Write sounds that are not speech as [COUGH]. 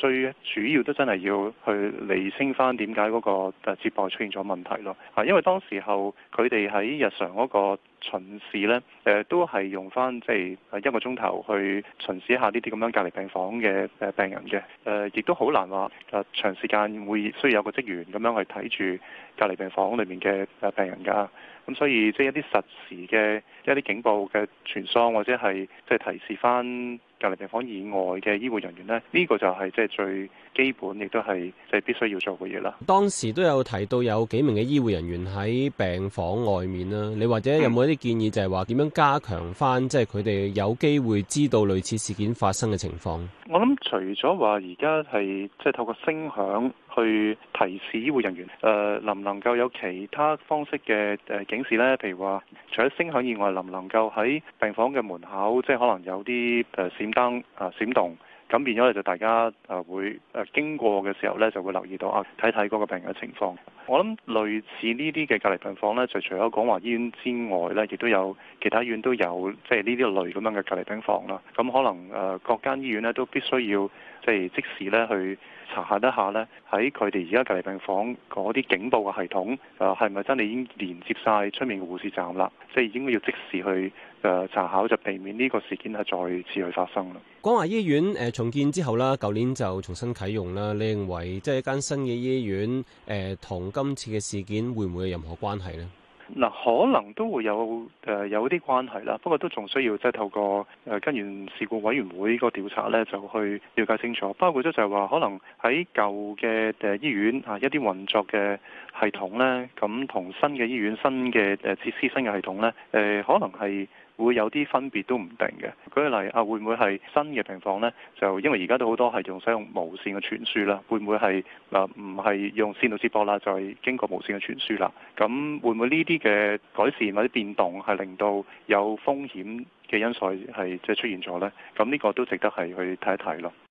最主要都真係要去釐清翻點解嗰個接駁出現咗問題咯嚇，因為當時候佢哋喺日常嗰個巡視呢，誒都係用翻即係一個鐘頭去巡視一下呢啲咁樣隔離病房嘅誒病人嘅，誒亦都好難話誒長時間會需要有個職員咁樣去睇住隔離病房裏面嘅誒病人㗎，咁所以即係一啲實時嘅一啲警報嘅傳送或者係即係提示翻。隔離病房以外嘅醫護人員呢，呢個就係即係最基本，亦都係即係必須要做嘅嘢啦。當時都有提到有幾名嘅醫護人員喺病房外面啦。你或者有冇一啲建議，就係話點樣加強翻，即係佢哋有機會知道類似事件發生嘅情況？我諗除咗話而家係即係透過聲響去提示醫護人員誒能唔能夠有其他方式嘅誒警示咧？譬如話除咗聲響以外，能唔能夠喺病房嘅門口，即係可能有啲誒。呃 [NOISE] 嗯、燈啊閃動，咁變咗咧就大家啊、呃、會誒經過嘅時候咧就會留意到啊睇睇嗰個病人嘅情況。我諗類似呢啲嘅隔離病房咧，就除咗廣華醫院之外咧，亦都有其他醫院都有，即係呢啲類咁樣嘅隔離病房啦。咁可能誒、呃、各間醫院咧都必須要即係即時咧去查下一下咧，喺佢哋而家隔離病房嗰啲警報嘅系統誒係咪真係已經連接晒出面嘅護士站啦？即係應該要即時去。誒，查考就避免呢個事件係再次去發生啦。廣華醫院誒重建之後啦，舊年就重新啟用啦。你認為即係一間新嘅醫院誒，同、呃、今次嘅事件會唔會有任何關係呢？嗱，可能都會有誒、呃、有啲關係啦。不過都仲需要即係、就是、透過誒根源事故委員會個調查咧，就去了解清楚。包括咗就係話，可能喺舊嘅誒醫院啊、呃、一啲運作嘅系統咧，咁、呃、同新嘅醫院新嘅誒設施新嘅系統咧，誒、呃、可能係。會有啲分別都唔定嘅。舉例啊，會唔會係新嘅平房呢？就因為而家都好多係用使用無線嘅傳輸啦。會唔會係啊？唔、呃、係用線路接駁啦，就係、是、經過無線嘅傳輸啦。咁會唔會呢啲嘅改善或者變動係令到有風險嘅因素係即係出現咗呢？咁呢個都值得係去睇一睇咯。